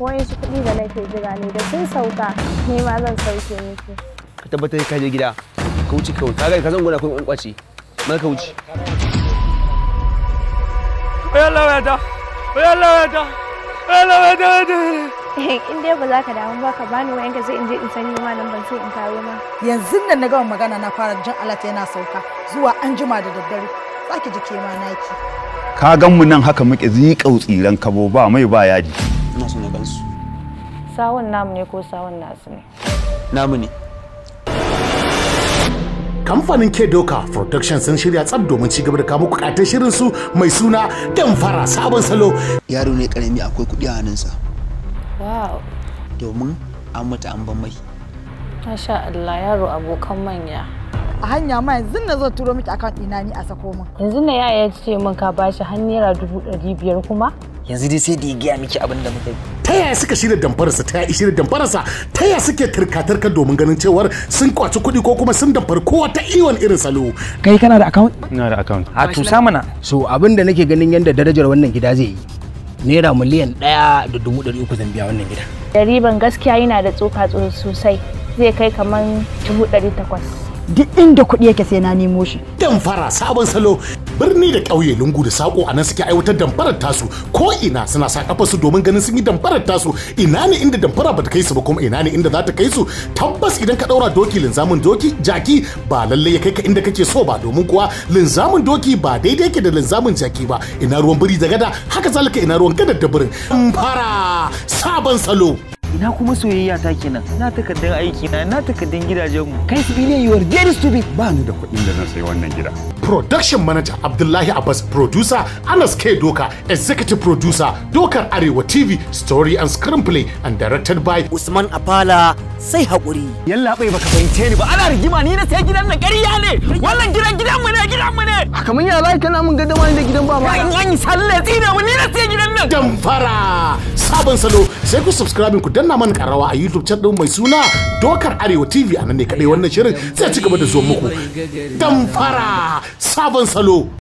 akwai wasu kuɗi da nake jira ne da sun sauka ne ma zan sauke miki. Ka tabbatar ka je gida ka wuce kawai ka gani ka zan gona ko wani kwaci ma ka wuce. Yalla wata yalla wata yalla wata wata. In dai ba za ka damu ba ka bani wa ka zai in je in sani ma nan ban sai in kawo ma. Yanzu nan na gama magana na fara jin alata yana sauka zuwa an jima da daddare. Sake jike ma naki. Ka gan mu nan haka muke zika tsiran kabo ba mai ba yaji. suna suna gansu sawun namu ne ko sawun nasu ne namu ne kamfanin kedoka protection sun shirya tsab domin ci gaba da kamo kukatar shirin su mai suna fara sabon salo yaro ne karami akwai kudi a hannunsa wow domin an mata an ban mai masha Allah yaro abokan manya a hanya ma yanzu na zo turo miki akan ina ni a sako min yanzu na yaya ya ce min ka bashi har naira dubu ɗari biyar kuma yanzu dai sai da ya gaya miki abin da muka yi ta yaya suka shirya damfararsa ta yaya shirya damfararsa ta yaya suke turka-turka domin ganin cewar sun kwaci kuɗi ko kuma sun damfar kowa ta iwon irin salo kai kana da account ina da account a tusa mana so abin da nake ganin yanda darajar wannan gida zai yi naira miliyan ɗaya da dubu ɗari uku zan biya wannan gida da riban gaskiya yana da tsoka sosai zai kai kamar dubu ɗari takwas duk inda kuɗi yake sai na nemo shi. Damfara sabon salo birni da ƙauye lungu da saƙo a nan suke aiwatar damfarar tasu ko ina suna sa su domin ganin sun yi damfarar tasu ina ne inda damfara bata kai su ba kuma ina ne inda za ta kai su tabbas idan ka ɗaura doki linzamin doki jaki ba lallai ya kai ka inda kake so ba domin kuwa linzamin doki ba daidai yake da linzamin jaki ba ina ruwan biri da gada haka zalika ina ruwan gadar da birin. Damfara sabon salo. na kuma soyayya ta kenan na takardar aiki na na takardar gidajen mu kai su ne yiwar very stupid ba ni da kuɗin da zan sayi wannan gida production manager abdullahi abbas producer anas k doka executive producer dokar arewa tv story and screenplay and directed by usman afala sai hakuri. yalla bai baka fahimce ni ba ana rigima ni na sai gidan na ƙarya ne wannan gidan gidan mu ne gidan mu ne kamar ya lai kana mun gadama ne da gidan ba ma an yi salle tsina mu ne na sai gidan nan damfara sabon salo sai ku subscribe ku danna mana karawa a YouTube channel mai suna Dokar Arewa TV a nan ne kadai wannan shirin sai ci gaba da zo muku damfara sabon salo